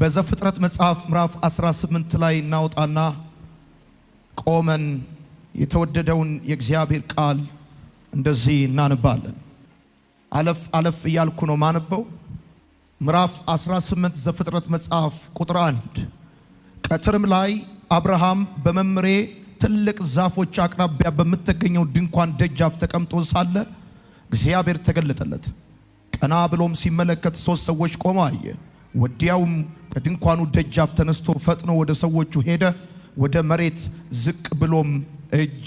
በዘፍጥረት መጽሐፍ ምዕራፍ 18 ላይ እናውጣና ቆመን የተወደደውን የእግዚአብሔር ቃል እንደዚህ እናንባለን። አለፍ አለፍ እያልኩ ነው ማነበው። ምዕራፍ 18 ዘፍጥረት መጽሐፍ ቁጥር 1 ቀትርም ላይ አብርሃም በመምሬ ትልቅ ዛፎች አቅራቢያ በምትገኘው ድንኳን ደጃፍ ተቀምጦ ሳለ እግዚአብሔር ተገለጠለት። ቀና ብሎም ሲመለከት ሶስት ሰዎች ቆመው አየ። ወዲያውም ከድንኳኑ ደጃፍ ተነስቶ ፈጥኖ ወደ ሰዎቹ ሄደ፣ ወደ መሬት ዝቅ ብሎም እጅ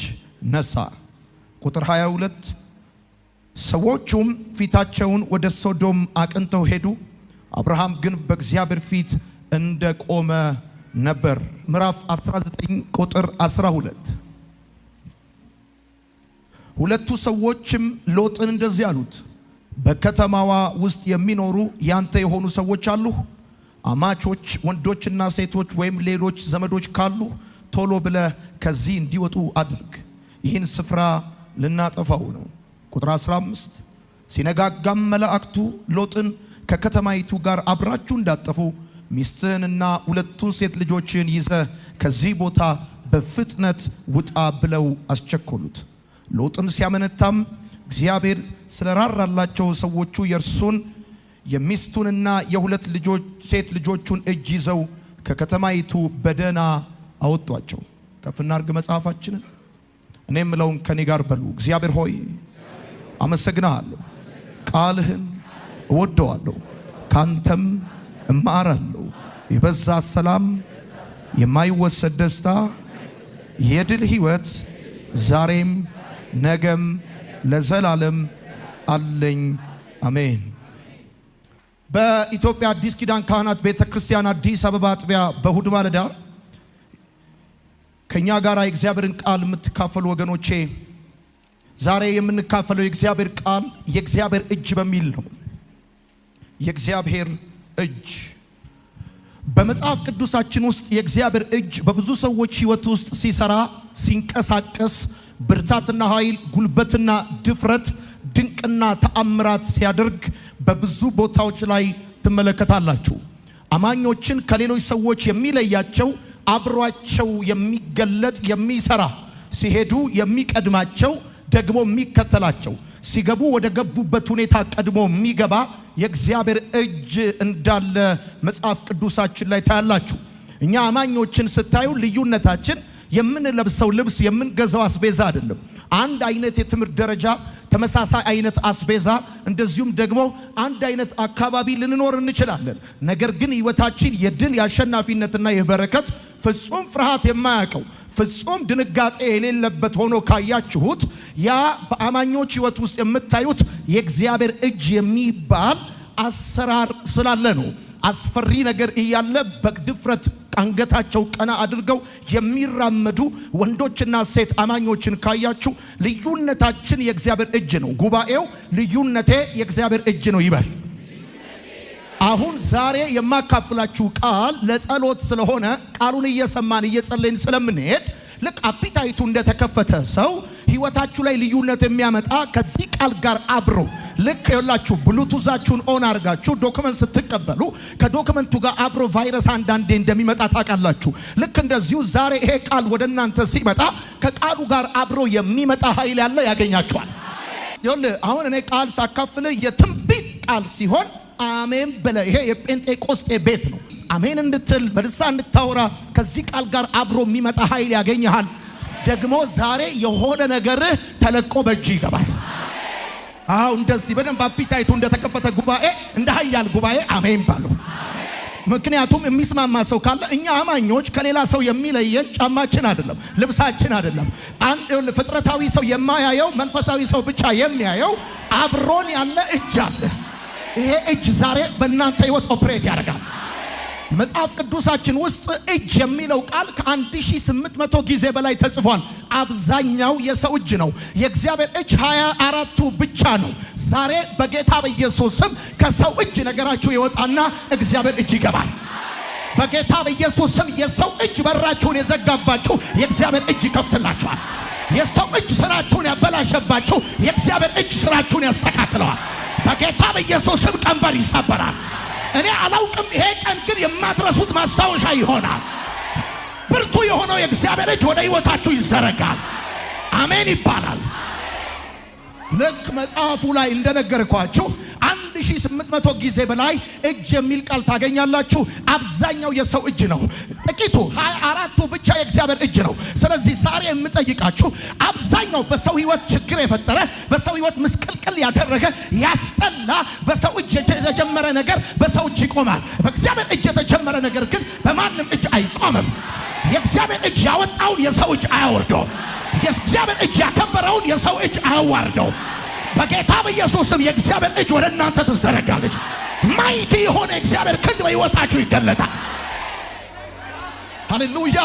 ነሳ። ቁጥር 22 ሰዎቹም ፊታቸውን ወደ ሶዶም አቅንተው ሄዱ፣ አብርሃም ግን በእግዚአብሔር ፊት እንደቆመ ነበር። ምዕራፍ 19 ቁጥር 12 ሁለቱ ሰዎችም ሎጥን እንደዚህ አሉት በከተማዋ ውስጥ የሚኖሩ ያንተ የሆኑ ሰዎች አሉ። አማቾች፣ ወንዶችና ሴቶች ወይም ሌሎች ዘመዶች ካሉ ቶሎ ብለ ከዚህ እንዲወጡ አድርግ። ይህን ስፍራ ልናጠፋው ነው። ቁጥር 15 ሲነጋጋም መላእክቱ ሎጥን ከከተማይቱ ጋር አብራችሁ እንዳጠፉ ሚስትህንና ሁለቱን ሴት ልጆችን ይዘ ከዚህ ቦታ በፍጥነት ውጣ ብለው አስቸኮሉት። ሎጥም ሲያመነታም እግዚአብሔር ስለራራላቸው ሰዎቹ የእርሱን የሚስቱንና የሁለት ልጆች ሴት ልጆቹን እጅ ይዘው ከከተማይቱ በደና አወጧቸው። ከፍና አርግ መጽሐፋችንን። እኔ የምለውን ከኔ ጋር በሉ። እግዚአብሔር ሆይ አመሰግናሃለሁ፣ ቃልህን እወደዋለሁ፣ ካንተም እማራለሁ። የበዛ ሰላም፣ የማይወሰድ ደስታ፣ የድል ህይወት ዛሬም ነገም ለዘላለም አለኝ። አሜን። በኢትዮጵያ አዲስ ኪዳን ካህናት ቤተ ክርስቲያን አዲስ አበባ አጥቢያ በእሁድ ማለዳ ከእኛ ጋር የእግዚአብሔርን ቃል የምትካፈሉ ወገኖቼ ዛሬ የምንካፈለው የእግዚአብሔር ቃል የእግዚአብሔር እጅ በሚል ነው። የእግዚአብሔር እጅ በመጽሐፍ ቅዱሳችን ውስጥ የእግዚአብሔር እጅ በብዙ ሰዎች ሕይወት ውስጥ ሲሰራ ሲንቀሳቀስ ብርታትና ኃይል፣ ጉልበትና ድፍረት፣ ድንቅና ተአምራት ሲያደርግ በብዙ ቦታዎች ላይ ትመለከታላችሁ። አማኞችን ከሌሎች ሰዎች የሚለያቸው አብሯቸው የሚገለጥ የሚሰራ ሲሄዱ የሚቀድማቸው ደግሞ የሚከተላቸው ሲገቡ ወደ ገቡበት ሁኔታ ቀድሞ የሚገባ የእግዚአብሔር እጅ እንዳለ መጽሐፍ ቅዱሳችን ላይ ታያላችሁ። እኛ አማኞችን ስታዩ ልዩነታችን የምንለብሰው ልብስ የምንገዛው አስቤዛ አይደለም። አንድ አይነት የትምህርት ደረጃ፣ ተመሳሳይ አይነት አስቤዛ፣ እንደዚሁም ደግሞ አንድ አይነት አካባቢ ልንኖር እንችላለን። ነገር ግን ህይወታችን የድል የአሸናፊነትና የበረከት ፍጹም ፍርሃት የማያውቀው ፍጹም ድንጋጤ የሌለበት ሆኖ ካያችሁት ያ በአማኞች ህይወት ውስጥ የምታዩት የእግዚአብሔር እጅ የሚባል አሰራር ስላለ ነው። አስፈሪ ነገር እያለ በድፍረት አንገታቸው ቀና አድርገው የሚራመዱ ወንዶችና ሴት አማኞችን ካያችሁ ልዩነታችን የእግዚአብሔር እጅ ነው። ጉባኤው ልዩነቴ የእግዚአብሔር እጅ ነው ይበል። አሁን ዛሬ የማካፍላችሁ ቃል ለጸሎት ስለሆነ ቃሉን እየሰማን እየጸለይን ስለምንሄድ ልክ አፒታይቱ እንደተከፈተ ሰው ህይወታችሁ ላይ ልዩነት የሚያመጣ ከዚህ ቃል ጋር አብሮ ልክ የላችሁ ብሉቱዛችሁን ኦን አድርጋችሁ ዶክመንት ስትቀበሉ ከዶክመንቱ ጋር አብሮ ቫይረስ አንዳንዴ እንደሚመጣ ታውቃላችሁ። ልክ እንደዚሁ ዛሬ ይሄ ቃል ወደ እናንተ ሲመጣ ከቃሉ ጋር አብሮ የሚመጣ ኃይል ያለ ያገኛችኋል። ይኸውልህ አሁን እኔ ቃል ሳካፍልህ የትንቢት ቃል ሲሆን አሜን ብለህ ይሄ የጴንጤቆስጤ ቤት ነው። አሜን እንድትል በልሳ እንድታወራ ከዚህ ቃል ጋር አብሮ የሚመጣ ኃይል ያገኘሃል። ደግሞ ዛሬ የሆነ ነገርህ ተለቆ በእጅ ይገባል። አው እንደዚህ በደንብ አፒታይቱ እንደተከፈተ ጉባኤ እንደ ኃያል ጉባኤ አሜን ባሉ። ምክንያቱም የሚስማማ ሰው ካለ እኛ አማኞች ከሌላ ሰው የሚለየን ጫማችን አይደለም፣ ልብሳችን አይደለም። አንድ ፍጥረታዊ ሰው የማያየው መንፈሳዊ ሰው ብቻ የሚያየው አብሮን ያለ እጅ አለ። ይሄ እጅ ዛሬ በእናንተ ህይወት ኦፕሬት ያደርጋል። መጽሐፍ ቅዱሳችን ውስጥ እጅ የሚለው ቃል ከ1800 ጊዜ በላይ ተጽፏል። አብዛኛው የሰው እጅ ነው። የእግዚአብሔር እጅ ሃያ አራቱ ብቻ ነው። ዛሬ በጌታ በኢየሱስ ስም ከሰው እጅ ነገራችሁ ይወጣና እግዚአብሔር እጅ ይገባል። በጌታ በኢየሱስ ስም የሰው እጅ በራችሁን የዘጋባችሁ የእግዚአብሔር እጅ ይከፍትላችኋል። የሰው እጅ ስራችሁን ያበላሸባችሁ የእግዚአብሔር እጅ ስራችሁን ያስተካክለዋል። በጌታ በኢየሱስ ስም ቀንበር ይሰበራል። እኔ አላውቅም። ይሄ ቀን ግን የማትረሱት ማስታወሻ ይሆናል። ብርቱ የሆነው የእግዚአብሔር እጅ ወደ ሕይወታችሁ ይዘረጋል። አሜን ይባላል። ልክ መጽሐፉ ላይ እንደነገርኳችሁ ከ1800 ጊዜ በላይ እጅ የሚል ቃል ታገኛላችሁ። አብዛኛው የሰው እጅ ነው፣ ጥቂቱ ሃያ አራቱ ብቻ የእግዚአብሔር እጅ ነው። ስለዚህ ዛሬ የምጠይቃችሁ አብዛኛው በሰው ህይወት ችግር የፈጠረ በሰው ህይወት ምስቅልቅል ያደረገ ያስጠላ በሰው እጅ የተጀመረ ነገር በሰው እጅ ይቆማል። በእግዚአብሔር እጅ የተጀመረ ነገር ግን በማንም እጅ አይቆምም። የእግዚአብሔር እጅ ያወጣውን የሰው እጅ አያወርደውም። የእግዚአብሔር እጅ ያከበረውን የሰው እጅ አያዋርደውም። በጌታ በኢየሱስ ስም የእግዚአብሔር እጅ ወደ እናንተ ትዘረጋለች። ማይቲ የሆነ እግዚአብሔር ክንድ በሕይወታችሁ ይገለጣል። ሃሌሉያ።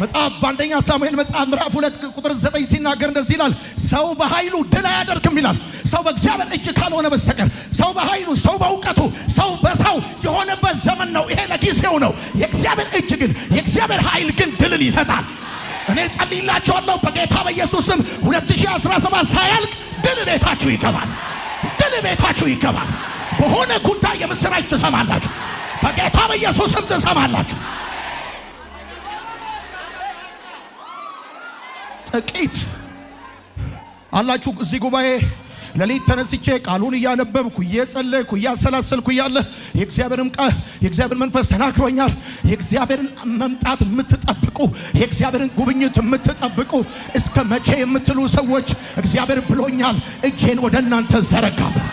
መጽሐፍ በአንደኛ ሳሙኤል መጽሐፍ ምዕራፍ ሁለት ቁጥር ዘጠኝ ሲናገር እንደዚህ ይላል፣ ሰው በኃይሉ ድል አያደርግም ይላል። ሰው በእግዚአብሔር እጅ ካልሆነ በስተቀር ሰው በኃይሉ ሰው በእውቀቱ ሰው በሰው የሆነበት ዘመን ነው። ይሄ ለጊዜው ነው። የእግዚአብሔር እጅ ግን የእግዚአብሔር ኃይል ግን ድልን ይሰጣል። እኔ ጸልይላቸዋለሁ በጌታ በኢየሱስ ስም 2017 ሳያልቅ ድል ቤታችሁ ይገባል። ድል ቤታችሁ ይገባል። በሆነ ጉዳይ የምስራች ትሰማላችሁ። በጌታ በኢየሱስም ትሰማላችሁ። ጥቂት አላችሁ እዚህ ጉባኤ ለሊት ተነስቼ ቃሉን እያነበብኩ እየጸለይኩ እያሰላሰልኩ እያለ የእግዚአብሔርም ቃል የእግዚአብሔር መንፈስ ተናግሮኛል። የእግዚአብሔርን መምጣት የምትጠብቁ የእግዚአብሔርን ጉብኝት የምትጠብቁ እስከ መቼ የምትሉ ሰዎች እግዚአብሔር ብሎኛል። እጄን ወደ እናንተ ዘረጋለሁ።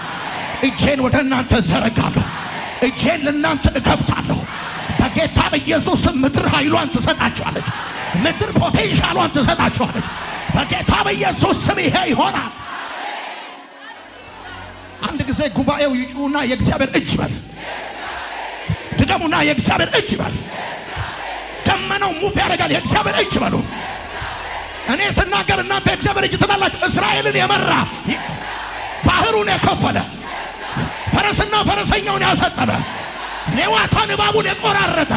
እጄን ወደ እናንተ ዘረጋለሁ። እጄን ለእናንተ እከፍታለሁ። በጌታ በኢየሱስ ምድር ኃይሏን ትሰጣችኋለች። ምድር ፖቴንሻሏን ትሰጣችኋለች። በጌታ በኢየሱስ ስም ይሄ ይሆናል። አንድ ጊዜ ጉባኤው ይጩና የእግዚአብሔር እጅ ይበል። ድገሙና የእግዚአብሔር እጅ ይበል። ደመናው ሙፍ ያደርጋል። የእግዚአብሔር እጅ በሉ። እኔ ስናገር እናንተ የእግዚአብሔር እጅ ትላላችሁ። እስራኤልን የመራ ባህሩን የከፈለ ፈረስና ፈረሰኛውን ያሰጠመ ሌዋታን እባቡን የቆራረጠ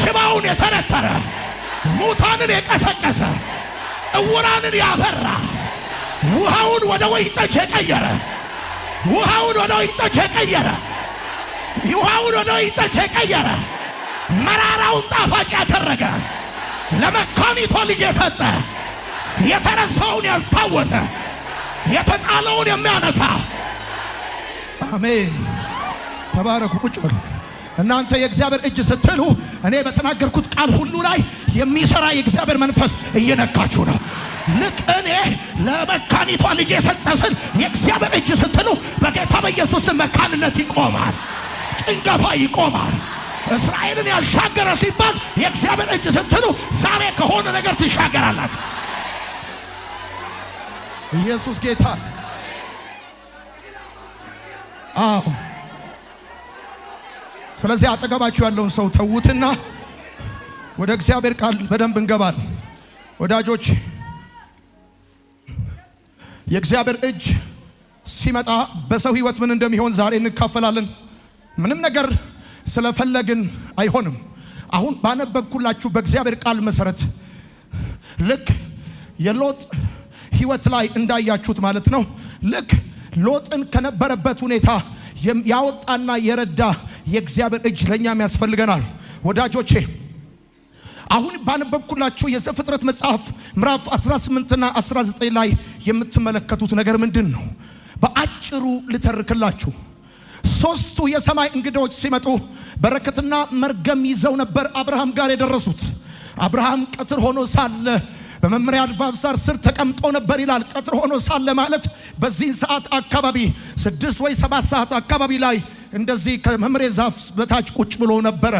ሽባውን የተረተረ ሙታንን የቀሰቀሰ እውራንን ያበራ ውሃውን ወደ ወይን ጠጅ የቀየረ ውሃውን ወደ ወይንጠጅ የቀየረ ውሃውን ወደ ወይንጠጅ የቀየረ መራራውን ጣፋጭ ያደረገ ለመካኒቶ ልጅ የሰጠ የተረሳውን ያስታወሰ የተጣለውን የሚያነሳ አሜን። ተባረኩ። ቁጭ በሉ። እናንተ የእግዚአብሔር እጅ ስትሉ እኔ በተናገርኩት ቃል ሁሉ ላይ የሚሰራ የእግዚአብሔር መንፈስ እየነካችሁ ነው። ልክ እኔ ለመካኒቷ ልጅ የሰጠስን የእግዚአብሔር እጅ ስትሉ በጌታ በኢየሱስ መካንነት ይቆማል፣ ጭንቀቷ ይቆማል። እስራኤልን ያሻገረ ሲባል የእግዚአብሔር እጅ ስትሉ ዛሬ ከሆነ ነገር ትሻገራላችሁ። ኢየሱስ ጌታ። አዎ። ስለዚህ አጠገባችሁ ያለውን ሰው ተዉትና ወደ እግዚአብሔር ቃል በደንብ እንገባል ወዳጆች። የእግዚአብሔር እጅ ሲመጣ በሰው ህይወት ምን እንደሚሆን ዛሬ እንካፈላለን። ምንም ነገር ስለፈለግን አይሆንም። አሁን ባነበብኩላችሁ በእግዚአብሔር ቃል መሰረት ልክ የሎጥ ህይወት ላይ እንዳያችሁት ማለት ነው። ልክ ሎጥን ከነበረበት ሁኔታ ያወጣና የረዳ የእግዚአብሔር እጅ ለእኛም ያስፈልገናል ወዳጆቼ። አሁን ባነበብኩላችሁ የዘፍጥረት መጽሐፍ ምዕራፍ 18ና 19 ላይ የምትመለከቱት ነገር ምንድን ነው? በአጭሩ ልተርክላችሁ። ሶስቱ የሰማይ እንግዳዎች ሲመጡ በረከትና መርገም ይዘው ነበር አብርሃም ጋር የደረሱት። አብርሃም ቀትር ሆኖ ሳለ በመምሪያ አድቫንሳር ስር ተቀምጦ ነበር ይላል። ቀትር ሆኖ ሳለ ማለት በዚህን ሰዓት አካባቢ ስድስት ወይ ሰባት ሰዓት አካባቢ ላይ እንደዚህ ከመምሬ ዛፍ በታች ቁጭ ብሎ ነበረ።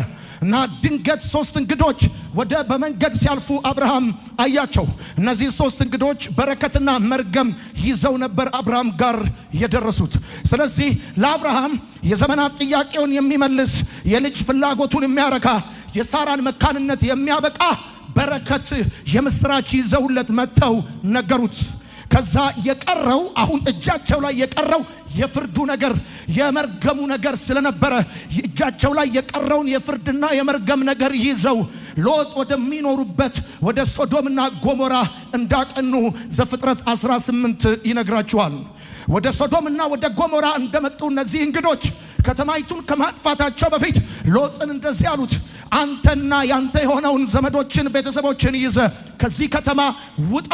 እና ድንገት ሶስት እንግዶች ወደ በመንገድ ሲያልፉ አብርሃም አያቸው። እነዚህ ሶስት እንግዶች በረከትና መርገም ይዘው ነበር አብርሃም ጋር የደረሱት። ስለዚህ ለአብርሃም የዘመናት ጥያቄውን የሚመልስ የልጅ ፍላጎቱን የሚያረካ የሳራን መካንነት የሚያበቃ በረከት የምስራች ይዘውለት መጥተው ነገሩት። ከዛ የቀረው አሁን እጃቸው ላይ የቀረው የፍርዱ ነገር የመርገሙ ነገር ስለነበረ እጃቸው ላይ የቀረውን የፍርድና የመርገም ነገር ይዘው ሎጥ ወደሚኖሩበት ወደ ሶዶምና ጎሞራ እንዳቀኑ ዘፍጥረት 18 ይነግራችኋል። ወደ ሶዶምና ወደ ጎሞራ እንደመጡ እነዚህ እንግዶች ከተማይቱን ከማጥፋታቸው በፊት ሎጥን እንደዚህ አሉት፣ አንተና ያንተ የሆነውን ዘመዶችን ቤተሰቦችን ይዘ ከዚህ ከተማ ውጣ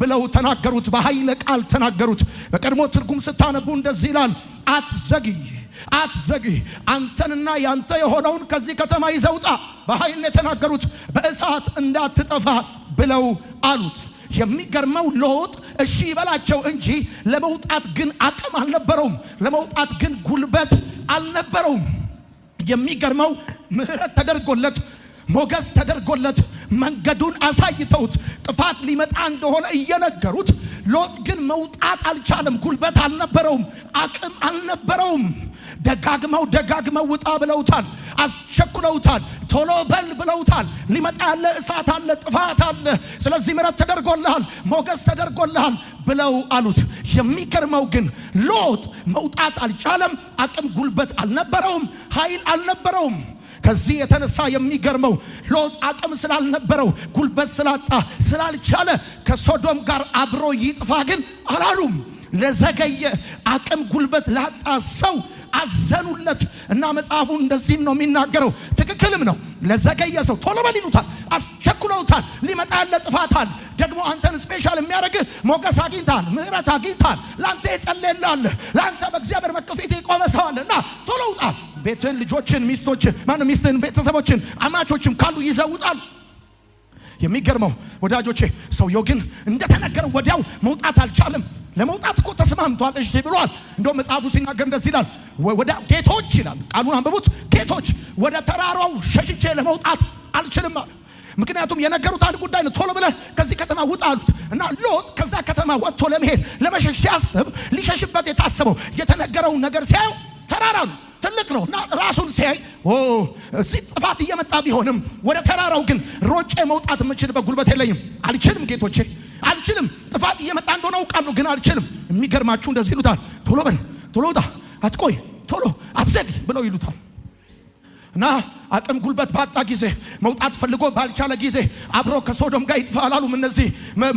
ብለው ተናገሩት። በኃይለ ቃል ተናገሩት። በቀድሞ ትርጉም ስታነቡ እንደዚህ ይላል፣ አትዘግይ አትዘግይ፣ አንተንና ያንተ የሆነውን ከዚህ ከተማ ይዘውጣ። በኃይል የተናገሩት በእሳት እንዳትጠፋ ብለው አሉት። የሚገርመው ሎጥ እሺ ይበላቸው እንጂ ለመውጣት ግን አቅም አልነበረውም። ለመውጣት ግን ጉልበት አልነበረውም። የሚገርመው ምሕረት ተደርጎለት ሞገስ ተደርጎለት መንገዱን አሳይተውት ጥፋት ሊመጣ እንደሆነ እየነገሩት፣ ሎጥ ግን መውጣት አልቻለም። ጉልበት አልነበረውም፣ አቅም አልነበረውም። ደጋግመው ደጋግመው ውጣ ብለውታል፣ አስቸኩለውታል፣ ቶሎ በል ብለውታል። ሊመጣ ያለ እሳት አለ፣ ጥፋት አለ፣ ስለዚህ ምሕረት ተደርጎልሃል፣ ሞገስ ተደርጎልሃል ብለው አሉት። የሚገርመው ግን ሎጥ መውጣት አልቻለም። አቅም ጉልበት አልነበረውም፣ ኃይል አልነበረውም። ከዚህ የተነሳ የሚገርመው ሎጥ አቅም ስላልነበረው ጉልበት ስላጣ ስላልቻለ ከሶዶም ጋር አብሮ ይጥፋ ግን አላሉም። ለዘገየ አቅም ጉልበት ላጣ ሰው አዘኑለት እና መጽሐፉ እንደዚህም ነው የሚናገረው። ትክክልም ነው። ለዘገየ ሰው ቶሎ በል ይሉታል፣ አስቸኩለውታል። ሊመጣ ያለ ጥፋታል። ደግሞ አንተን ስፔሻል የሚያደርግህ ሞገስ አግኝታል፣ ምህረት አግኝታል። ለአንተ የጸለየልህ አለ። ለአንተ በእግዚአብሔር መቅፊት የቆመ ሰው አለ እና ቶሎ ውጣ ቤትን፣ ልጆችን፣ ሚስቶችን ማነው ሚስትን፣ ቤተሰቦችን፣ አማቾችም ካሉ ይዘውጣል። የሚገርመው ወዳጆቼ ሰውየው ግን እንደተነገረው ወዲያው መውጣት አልቻለም። ለመውጣት እኮ ተስማምቷል፣ እሺ ብሏል። እንደውም መጽሐፉ ሲናገር እንደዚህ ይላል፣ ወደ ጌቶች ይላል፣ ቃሉን አንብቡት። ጌቶች ወደ ተራራው ሸሽቼ ለመውጣት አልችልም አለ። ምክንያቱም የነገሩት አንድ ጉዳይ ነው፣ ቶሎ ብለህ ከዚህ ከተማ ውጣ አሉት እና ሎጥ ከዛ ከተማ ወጥቶ ለመሄድ ለመሸሽ ሲያስብ ሊሸሽበት የታሰበው የተነገረውን ነገር ሲያዩ ተራራ ነው። ትልቅ ነው እና ራሱን ሲያይ እዚህ ጥፋት እየመጣ ቢሆንም ወደ ተራራው ግን ሮጬ መውጣት የምችልበት ጉልበት የለኝም። አልችልም፣ ጌቶቼ አልችልም። ጥፋት እየመጣ እንደሆነ አውቃለሁ፣ ግን አልችልም። የሚገርማችሁ እንደዚህ ይሉታል፣ ቶሎ በል ቶሎ ውጣ፣ አትቆይ፣ ቶሎ አትዘግ ብለው ይሉታል። ና አቅም ጉልበት ባጣ ጊዜ መውጣት ፈልጎ ባልቻለ ጊዜ አብሮ ከሶዶም ጋር ይጥፋ አላሉም። እነዚህ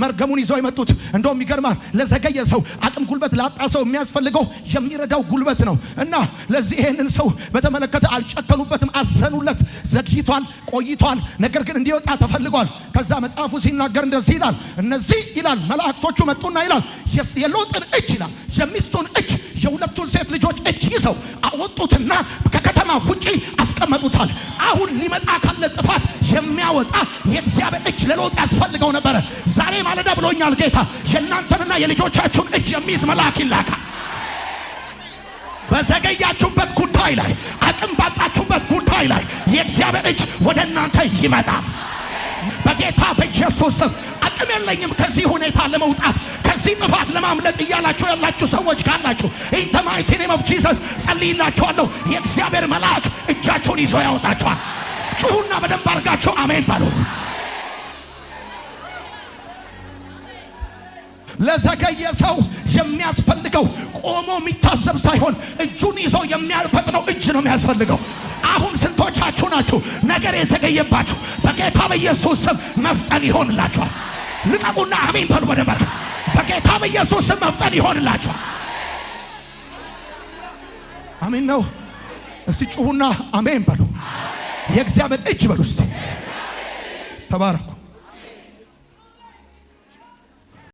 መርገሙን ይዘው የመጡት እንደውም ይገርማል። ለዘገየ ሰው አቅም ጉልበት ላጣ ሰው የሚያስፈልገው የሚረዳው ጉልበት ነው እና ለዚህ ይህንን ሰው በተመለከተ አልጨከኑበትም፣ አዘኑለት። ዘግይቷን ቆይቷን ነገር ግን እንዲወጣ ተፈልጓል። ከዛ መጽሐፉ ሲናገር እንደዚህ ይላል። እነዚህ ይላል መላእክቶቹ መጡና ይላል የሎጥን እጅ ይላል የሚስቱን እጅ የሁለቱን ሴት ልጆች እጅ ይዘው አወጡትና ከከተማ ውጪ አስቀመጡታል። አሁን ሊመጣ ካለ ጥፋት የሚያወጣ የእግዚአብሔር እጅ ለሎጥ ያስፈልገው ነበረ። ዛሬ ማለዳ ብሎኛል ጌታ የእናንተንና የልጆቻችሁን እጅ የሚይዝ መልአክ ይላካል። በዘገያችሁበት ጉዳይ ላይ አቅም ባጣችሁበት ጉዳይ ላይ የእግዚአብሔር እጅ ወደ እናንተ ይመጣል። በጌታ በኢየሱስ ስም አቅም የለኝም ከዚህ ሁኔታ ለመውጣት ከዚህ ጥፋት ለማምለጥ እያላችሁ ያላችሁ ሰዎች ካላችሁ ኢን ዘ ማይቲ ኔም ኦፍ ጂሰስ ጸልይላችኋለሁ። የእግዚአብሔር መልአክ እጃችሁን ይዞ ያወጣችኋል። ጩሁና በደንብ አድርጋችሁ አሜን በሉ። ለዘገየ ሰው የሚያስፈልገው ቆሞ የሚታሰብ ሳይሆን እጁን ይዞ የሚያልፈጥነው እጅ ነው የሚያስፈልገው። አሁን ስንቶቻችሁ ናችሁ ነገር የዘገየባችሁ? በጌታ በኢየሱስ ስም መፍጠን ይሆንላችኋል። ልቀቁና አሜን በሉ። በደበር በጌታም ኢየሱስ ስም መፍጠን ይሆንላቸዋል። አሜን ነው። እስቲ ጩሁና አሜን በሉ። የእግዚአብሔር እጅ በሉ። እስቲ ተባረክ።